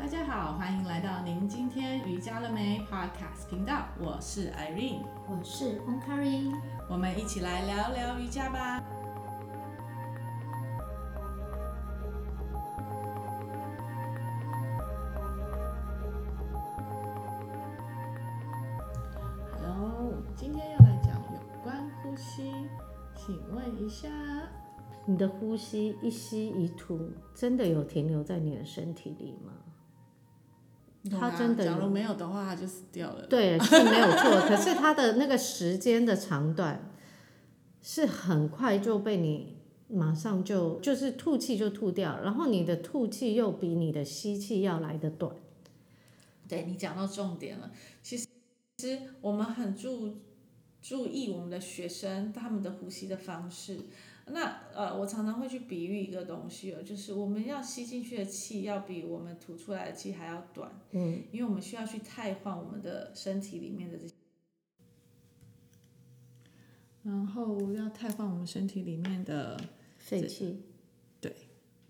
大家好，歡迎來到您今天瑜伽了沒 Podcast 頻道。我是 Irene，我是 OmKari，我們一起來聊聊瑜伽吧。Hello，我們今天要來講有關呼吸。請問一下，你的呼吸一吸一吐，真的有停留在你的身體裡嗎？啊、他真的，假如沒有的話，他就死掉了。對，是沒有錯。 可是他的那個時間的長短，是很快就被你馬上就就是吐氣就吐掉，然後你的吐氣又比你的吸氣要來得短。對，你講到重點了，其實其實我們很注注意我們的學生他們的呼吸的方式。那呃、我常常會去比喻一個東西哦，就是我們要吸進去的氣要比我們吐出來的氣還要短，嗯，因為我們需要去汰換我們的身體裡面的這，然後要汰換我們身體裡面的廢氣，對，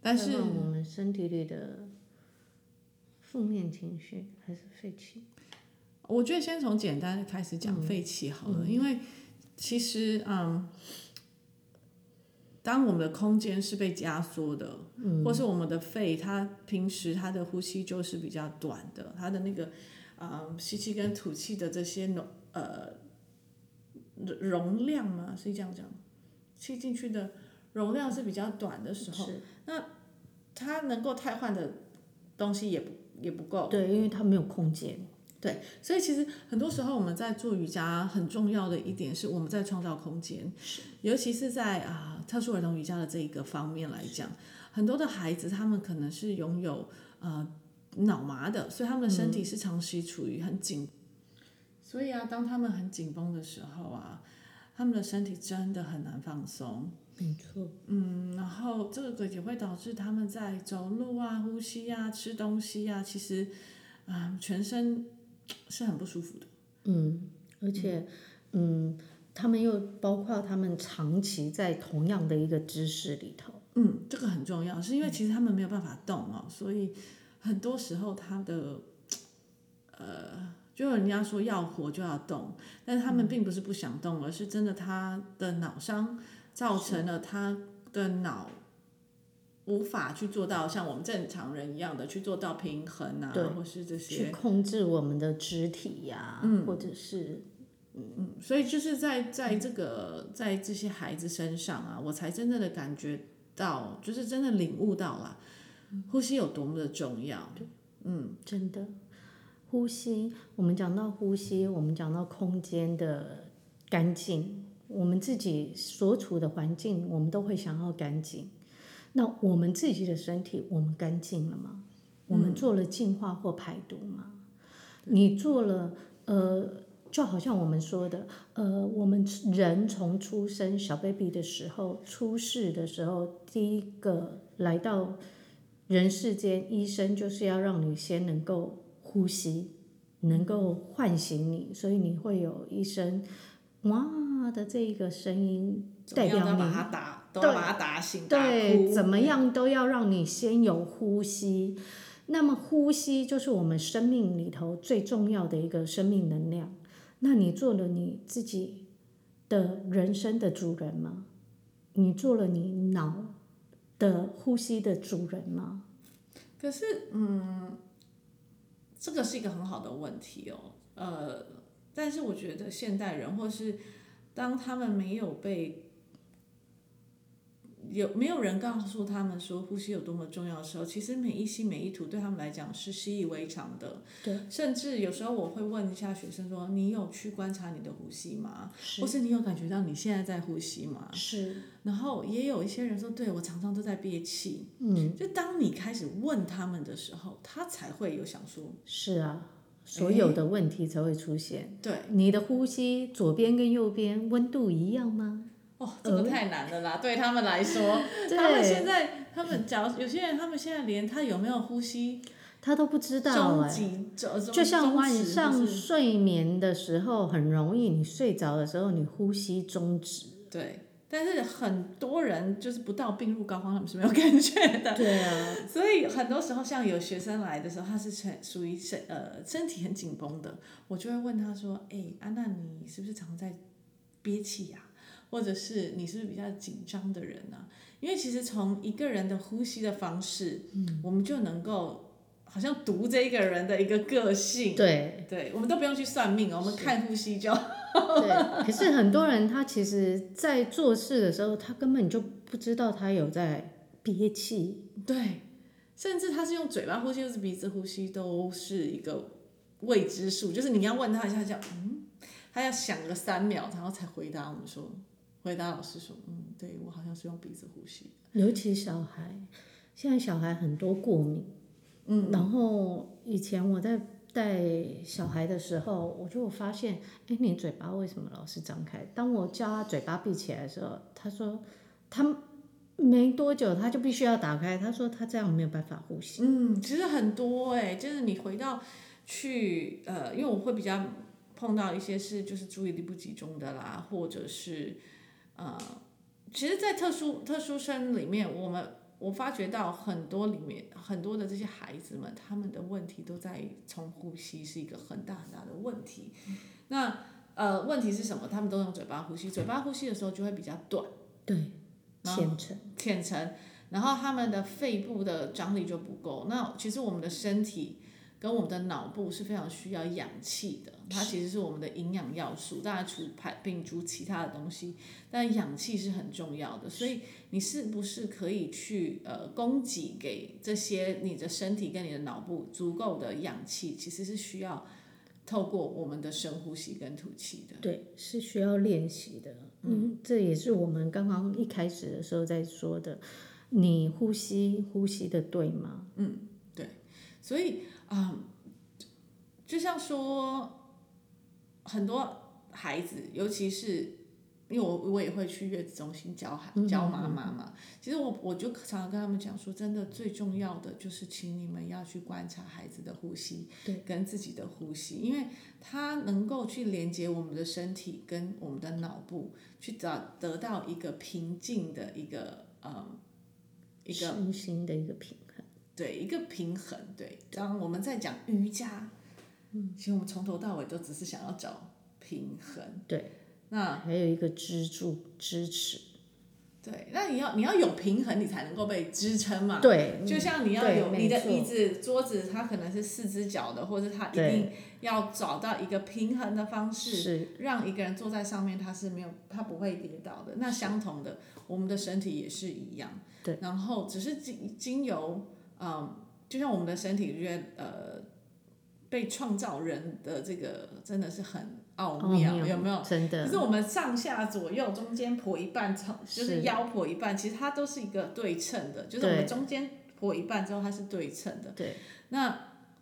但是我們身體裡的負面情緒還是廢氣。我覺得先從簡單的開始講廢氣好了，因為其實嗯。當我們的空間是被壓縮的，嗯、或是我們的肺，它平時它的呼吸就是比較短的，它的那個啊、嗯、吸氣跟吐氣的這些容呃容容量嘛，是這樣講，吸進去的容量是比較短的時候，是那它能夠替換的東西也不也不夠，對，因為它沒有空間。對，所以其實很多時候我們在做瑜伽很重要的一點是我們在創造空間，尤其是在啊、呃、特殊兒童瑜伽的這一個方面來講，很多的孩子他們可能是擁有啊、呃、腦麻的，所以他們的身體是長期處於很緊、嗯，所以啊，當他們很緊繃的時候啊，他們的身體真的很難放鬆。沒錯。嗯，然後這個也會導致他們在走路啊、呼吸呀、啊、吃東西呀、啊，其實啊、呃，全身。是很不舒服的，嗯，而且，嗯，嗯，他們又包括他們長期在同樣的一個姿勢裡頭，嗯，這個很重要，是因為其實他們沒有辦法動哦，嗯，所以很多時候他的，呃，就人家說要活就要動，但是他們並不是不想動，而是真的他的腦傷造成了他的腦。無法去做到像我們正常人一樣的去做到平衡啊，對或是這些去控制我們的肢體呀，啊，嗯、或者是嗯嗯，所以就是在在這個、嗯、在這些孩子身上啊，我才真正的感覺到，就是真的領悟到啦，呼吸有多麼的重要。嗯，嗯，真的呼吸，我們講到呼吸，我們講到空間的乾淨，我們自己所處的環境，我們都會想要乾淨。那我們自己的身體，我們乾淨了嗎？我們做了淨化或排毒嗎？嗯、你做了？呃，就好像我們說的，呃，我們人從出生小 baby 的時候，出世的時候，第一個來到人世間，醫生就是要讓你先能夠呼吸，能夠喚醒你，所以你會有醫生哇的這個聲音。代表對，要把它打，都要把它打醒。對，怎麼樣都要讓你先有呼吸。嗯，那麼呼吸就是我們生命裡頭最重要的一個生命能量。那你做了你自己的人生的主人嗎？你做了你腦的呼吸的主人嗎？可是，嗯，這個是一個很好的問題哦。呃，但是我覺得現代人或是當他們沒有被有沒有人告訴他們說呼吸有多麼重要的時候，其實每一吸每一吐對他們來講是習以為常的。對，甚至有時候我會問一下學生說：“你有去觀察你的呼吸嗎？是或是你有感覺到你現在在呼吸嗎？”是。然後也有一些人說：“對，我常常都在憋氣。”嗯，就當你開始問他們的時候，他才會有想說。是啊，所有的問題才會出現。欸、對，你的呼吸左邊跟右邊溫度一樣嗎？哦，這個太難了啦！呃、對他們來說，對他們現在，他們假如有些人，他們現在連他有沒有呼吸，他都不知道，就像晚上睡眠的時候，很容易，你睡着的時候，你呼吸終止。對，但是很多人就是不到病入膏肓，他們是沒有感覺的。對啊，所以很多時候，像有學生來的時候，他是屬屬於身呃身體很緊繃的，我就會問他說：“哎，安、啊、娜，你是不是常在憋氣呀、啊？”或者是你是不是比較緊張的人呢、啊？因為其實從一個人的呼吸的方式，嗯，我們就能夠好像讀這一個人的一個個性。對，對我們都不用去算命是我們看呼吸就好。對。可是很多人他其實，在做事的時候，嗯、他根本就不知道他有在憋氣。對。甚至他是用嘴巴呼吸，又是鼻子呼吸，都是一個未知數。就是你要問他一下，他就嗯，他要想個三秒，然後才回答我們說。回答老師說：“嗯，對，我好像是用鼻子呼吸。”尤其小孩，現在小孩很多過敏，嗯。然後以前我在帶小孩的時候，我就發現，哎，你嘴巴為什麼老是張開？當我叫他嘴巴閉起來的時候，他說他沒多久他就必須要打開，他說他這樣沒有辦法呼吸。嗯，其實很多哎、欸，就是你回到去呃，因為我會比較碰到一些事，就是注意力不集中的啦，或者是。呃，其實，在特殊特殊生裡面，我們我發覺到很多裡面很多的這些孩子們，他們的問題都在於從呼吸是一個很大很大的問題。嗯。那呃，問題是什麼？他們都用嘴巴呼吸，嘴巴呼吸的時候就會比較短。對，淺層，淺層，然後他們的肺部的張力就不夠。那其實我們的身體跟我們的腦部是非常需要氧氣的。它其實是我們的營養要素，大家除排摒、除其他的東西，但氧氣是很重要的，是所以你是不是可以去呃供給給這些你的身體跟你的腦部足夠的氧氣？其實是需要透過我們的深呼吸跟吐氣的。對，是需要練習的。嗯，這也是我們剛剛一開始的時候在說的，你呼吸呼吸得對嗎？嗯，對。所以啊，嗯，就像說。很多孩子，尤其是因為我我也會去月子中心教孩教媽媽嘛。嗯嗯嗯嗯其實我我就常常跟他們講說，真的最重要的就是，請你們要去觀察孩子的呼吸，對，跟自己的呼吸，因為他能夠去連接我們的身體跟我們的腦部，去找得到一個平靜的一個嗯一個身心的一個平衡，對，一個平衡對。對，當我們在講瑜伽。嗯、其實我們從頭到尾都只是想要找平衡，對。那還有一個支柱、支持，對。那你要你要有平衡，你才能夠被支撐嘛。對。就像你要有對你的椅子，錯桌子它可能是四隻腳的，或者它一定要找到一個平衡的方式，對讓一個人坐在上面，它是沒有它不會跌倒的。是那相同的，我們的身體也是一樣。對。然後只是經經由，嗯、呃，就像我們的身體越呃。被創造人的這個真的是很奧妙，哦、妙有沒有？真的，是我們上下左右中間剖一,一半，就是腰剖一半，其實它都是一個對稱的，對就是我們中間剖一半之後，它是對稱的。對，那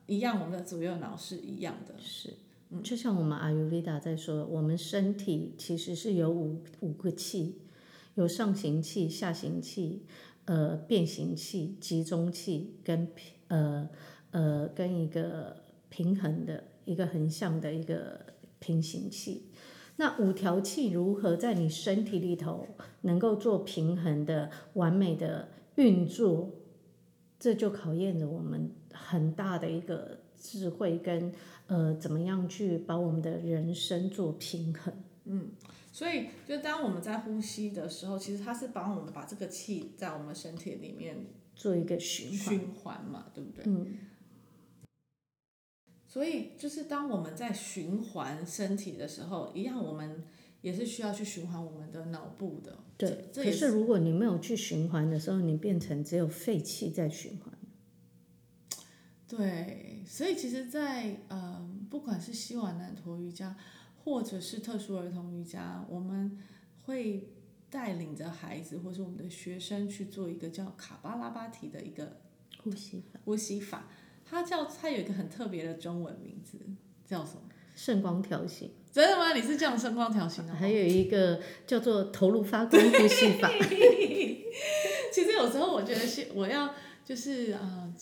一樣，我們的左右腦是一樣的。是，就像我們阿育吠陀在說，我們身體其實是有五五個氣，有上行氣、下行氣、呃變形氣、集中氣跟呃呃跟一個。平衡的一個橫向的一個平行器，那五條氣如何在你身體裡頭能夠做平衡的完美的運作，這就考驗了我們很大的一個智慧跟呃，怎麼樣去把我們的人生做平衡。嗯，所以就當我們在呼吸的時候，其實它是幫我們把這個氣在我們身體裡面做一個循環循環嘛，對不對？嗯。所以就是當我們在循環身體的時候，一樣我們也是需要去循環我們的腦部的。對，這也是，可是如果你沒有去循環的時候，你變成只有廢氣在循環。對，所以其實在，在呃，不管是希瓦難陀瑜伽，或者是特殊兒童瑜伽，我們會帶領着孩子，或是我們的學生去做一個叫卡巴拉巴提的一個呼吸法，呼吸法。他叫，他有一個很特別的中文名字，叫什麼？聖光條形？真的嗎？你是叫聖光條形？還有一個叫做頭顱發光呼吸法。對 其實有時候我覺得是我要就是啊、呃，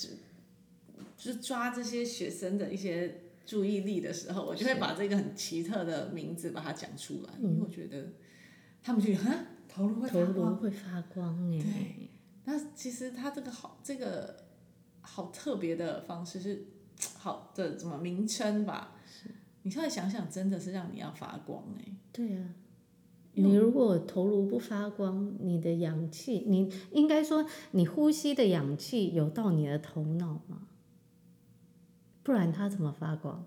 就是抓這些學生的一些注意力的時候，是我就會把這個很奇特的名字把它講出來，嗯、因為我覺得他們就啊，頭顱會發光，頭顱會發光哎。那其實他這個好，這個。好特別的方式是好的，怎麼名稱吧？是你現在想想，真的是讓你要發光哎、欸。對呀，、啊，為你如果頭顱不發光，你的氧氣，你應該說你呼吸的氧氣有到你的頭腦嗎？不然它怎麼發光？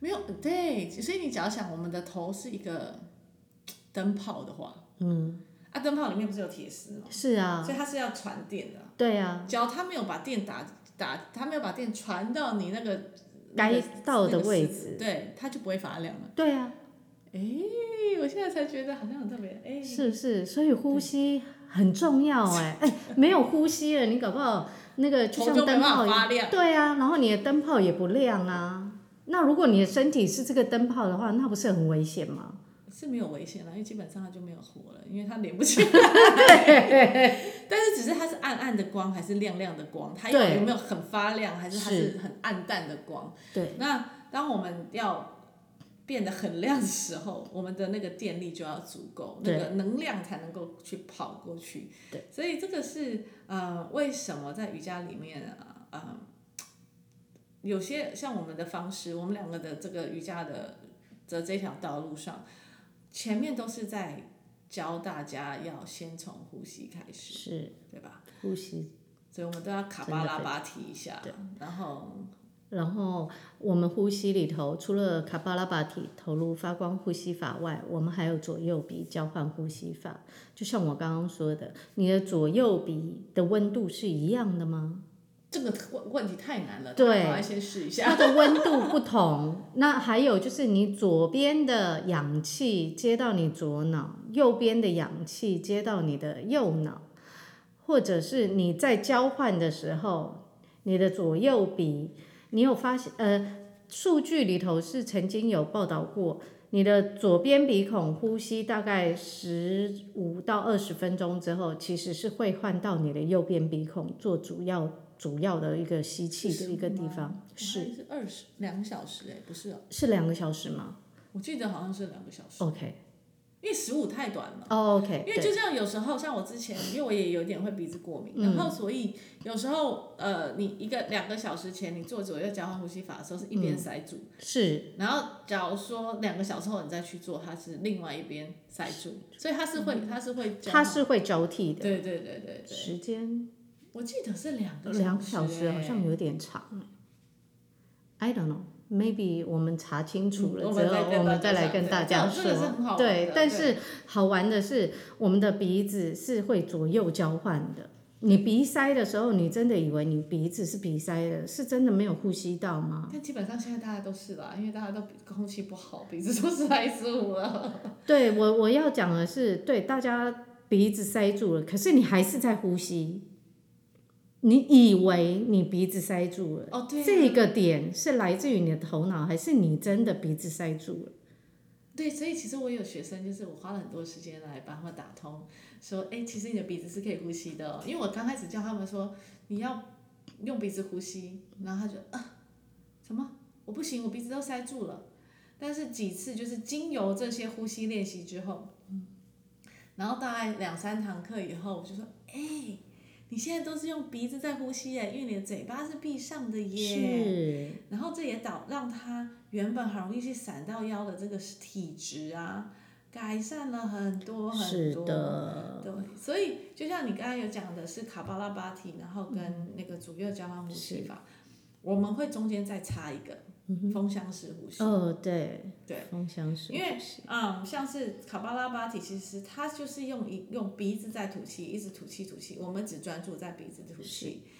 沒有對，所以你只要想，我們的頭是一個燈泡的話，嗯。燈泡裡面不是有鐵絲嗎？是啊，所以它是要傳電的。對啊，只要它沒有把電打打，它沒有把電傳到你那個該到的位置，對，它就不會發亮了。對啊，哎、欸，我現在才覺得好像很特別，哎、欸，是不是？所以呼吸很重要、欸，哎哎對、欸，沒有呼吸了，你搞不好那個像就像燈泡一樣。對啊，然後你的燈泡也不亮啊。那如果你的身體是這個燈泡的話，那不是很危險嗎？是沒有危險了、啊，因為基本上他就沒有火了，因為他連不起來。 但是只是他是暗暗的光還是亮亮的光，他有沒有很發亮，還是它是很暗淡的光？對。那當我們要變得很亮的時候，是我們的那個電力就要足夠，對那個能量才能夠去跑過去。對。所以這個是呃，為什麼在瑜伽裡面啊、呃，有些像我們的方式，我們兩個的這個瑜伽的的這條道路上。前面都是在教大家要先從呼吸開始，是對吧？呼吸，所以我們都要卡巴拉巴提一下。對，然後，然後我們呼吸裡頭除了卡巴拉巴提投入發光呼吸法外，我們還有左右鼻交換呼吸法。就像我剛剛說的，你的左右鼻的溫度是一樣的嗎？這個問問題太難了，對，先試一下。它的溫度不同， 那還有就是你左邊的氧氣接到你左腦，右邊的氧氣接到你的右腦，或者是你在交換的時候，你的左右鼻，你有發現？呃，數據裡頭是曾經有報道過，你的左邊鼻孔呼吸大概十五到二十分鐘之後，其實是會換到你的右邊鼻孔做主要。主要的一個吸氣的一個地方，是二十，兩個小時哎，不是，是兩個小時嗎？我記得好像是兩個小時。OK，因為十五太短了。哦，OK，因為就像有時候像我之前，因為我也有點會鼻子過敏，然後所以有時候呃，你一個兩個小時前你做左右交換呼吸法的時候，是一邊塞住，是，然後假如說兩個小時後你再去做，它是另外一邊塞住，所以它是會它是會它是會交替的，對對對對對，時間。我記得是兩個小時，兩小時好像有點長。嗯、I don't know, maybe 我們查清楚了，然後、嗯、我，我們再來像跟大家說。是很好的對，對，但是好玩的是，我們的鼻子是會左右交換的。對你鼻塞的時候，你真的以為你鼻子是鼻塞的，是真的沒有呼吸道嗎？但基本上現在大家都是啦、啊，因為大家都空氣不好，鼻子都塞住了。 對，我我要講的是，對，大家鼻子塞住了，可是你還是在呼吸。你以為你鼻子塞住了？哦、oh, 啊，對。這個點是來自於你的頭腦，還是你真的鼻子塞住了？對，所以其實我有學生，就是我花了很多時間來把他們打通，說，哎、欸，其實你的鼻子是可以呼吸的。因為我剛開始教他們說，你要用鼻子呼吸，然後他就啊，什麼？我不行，我鼻子都塞住了。但是幾次就是經由這些呼吸練習之後，嗯，然後大概兩三堂課以後，我就說，哎、欸。你現在都是用鼻子在呼吸耶，因為你的嘴巴是閉上的耶，是然後這也導讓它原本很容易去閃到腰的這個體質啊，改善了很多很多，的對，所以就像你剛剛有講的是卡巴拉巴提，然後跟那個左右交換呼吸法，是我們會中間再插一個。風箱式呼吸哦，對對，風箱式呼吸，因為嗯，像是卡巴拉巴提，其實它就是用一用鼻子在吐氣，一直吐氣吐氣。我們只專注在鼻子吐氣，是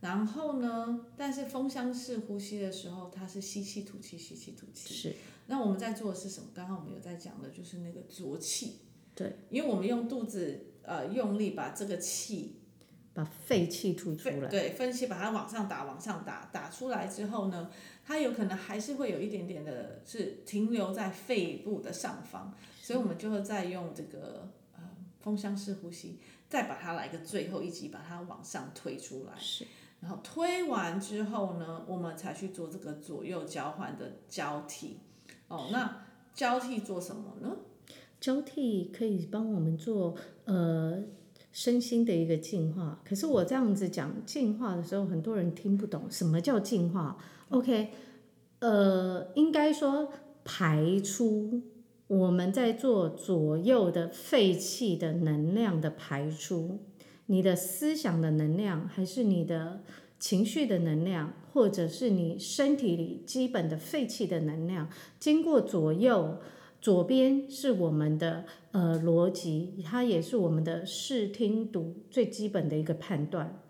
然後呢，但是風箱式呼吸的時候，它是吸氣吐氣吸氣吐氣。是，那我們在做的是什麼？剛剛我們有在講的就是那個濁氣，對，因為我們用肚子呃用力把這個氣。把肺氣出去，對，分析把它往上打，往上打，打出來之後呢，它有可能還是會有一點點的，是停留在肺部的上方，是所以我們就會再用這個呃風箱式呼吸，再把它來個最後一級，把它往上推出來，是然後推完之後呢，我們才去做這個左右交換的交替，哦，那交替做什麼呢？交替可以幫我們做呃。身心的一個淨化。可是我這樣子講淨化的時候，很多人聽不懂什麼叫淨化。OK，呃，應該說排出我們在做左右的廢氣的能量的排出，你的思想的能量，還是你的情緒的能量，或者是你身體裡基本的廢氣的能量，經過左右。左邊是我們的呃邏輯，它也是我們的視聽讀最基本的一個判斷。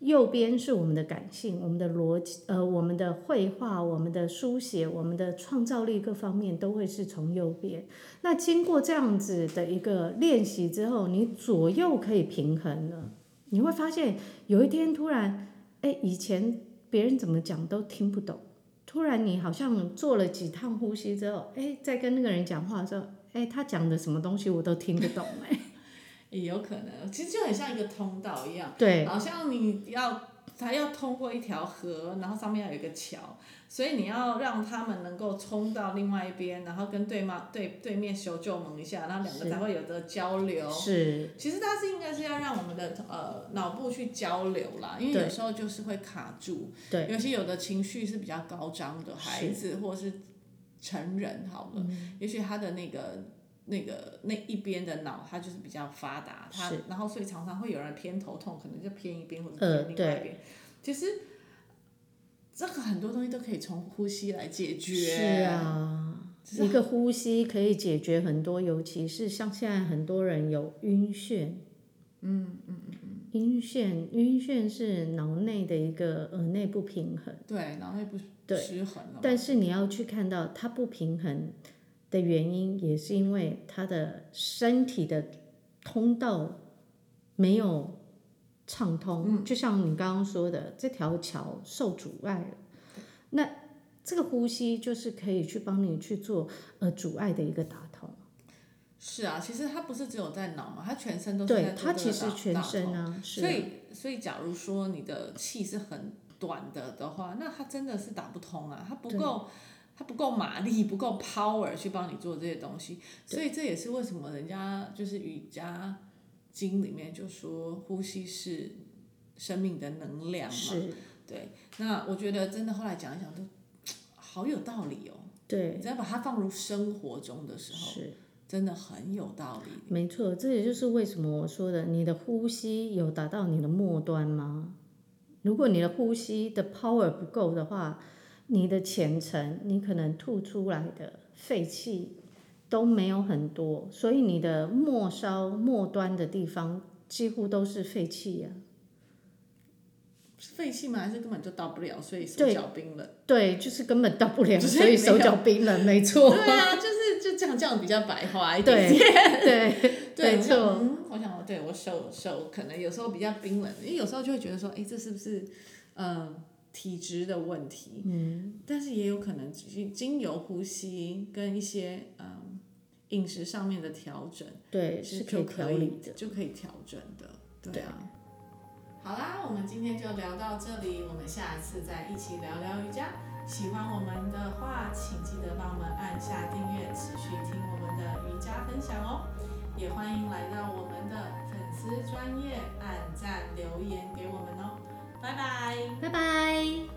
右邊是我們的感性，我們的邏輯呃我們的繪畫、我們的書寫、我們的創造力各方面都會是從右邊。那經過這樣子的一個練習之後，你左右可以平衡了，你會發現有一天突然，哎，以前別人怎麼講都聽不懂。突然，你好像做了幾趟呼吸之後，哎、欸，在跟那個人講話的時候，哎、欸，他講的什麼東西我都聽不懂、欸，哎， 也有可能，其實就很像一個通道一樣，對，好像你要。他要通過一條河，然後上面要有一個橋，所以你要讓他們能夠衝到另外一邊，然後跟對罵對對面修救門一下，然後兩個才會有的交流。是，是其實它是應該是要讓我們的呃腦部去交流啦，因為有時候就是會卡住。對，有些有的情緒是比較高漲的對孩子或是成人，好了，嗯、也許他的那個。那個那一邊的腦，它就是比較發達，它是然後所以常常會有人偏頭痛，可能就偏一邊或者偏另外一邊。呃，其實這個很多東西都可以從呼吸來解決。是啊，是一個呼吸可以解決很多，尤其是像現在很多人有暈眩，嗯嗯嗯，暈眩暈眩是腦內的一個耳內不平衡。對，然後它就不失衡了。但是你要去看到它不平衡，的原因也是因為他的身體的通道沒有暢通，嗯，就像你剛剛說的，這條橋受阻礙了。那這個呼吸就是可以去幫你去做呃阻礙的一個打通。是啊，其實他不是只有在腦嘛，他全身都是在都。對，他其實全身啊，通是所以所以假如說你的氣是很短的的話，那他真的是打不通啊，他不夠。它不夠馬力，不夠 power 去幫你做這些東西，對所以這也是為什麼人家就是瑜伽經裡面就說呼吸是生命的能量嘛。是。對，那我覺得真的後來講一講都好有道理哦。對。只要把它放入生活中的時候，是。真的很有道理。沒錯，這也就是為什麼我說的，你的呼吸有達到你的末端嗎？如果你的呼吸的 power 不夠的話。你的前程，你可能吐出來的廢氣都沒有很多，所以你的末梢末端的地方幾乎都是廢氣呀。是廢氣嗎？還是根本就到不了，所以手腳冰冷，對。對，就是根本到不了，所以，所以手腳冰冷，沒錯。對啊，就是就這樣，這樣比較白話一點，點對。對對，沒錯錯。我想，對我手手可能有時候比較冰冷，因為有時候就會覺得說，哎、欸，這是不是嗯，呃體質的問題，嗯，但是也有可能經經由呼吸跟一些嗯飲食上面的調整，對，是就可以的，就可以調整的，對啊。對，好啦，我們今天就聊到這裡，我們下次再一起聊聊瑜伽。喜歡我們的話，請記得幫我們按下訂閱，持續聽我們的瑜伽分享哦。也歡迎來到我們的粉絲專頁，按讚留言給我們哦。拜拜，拜拜。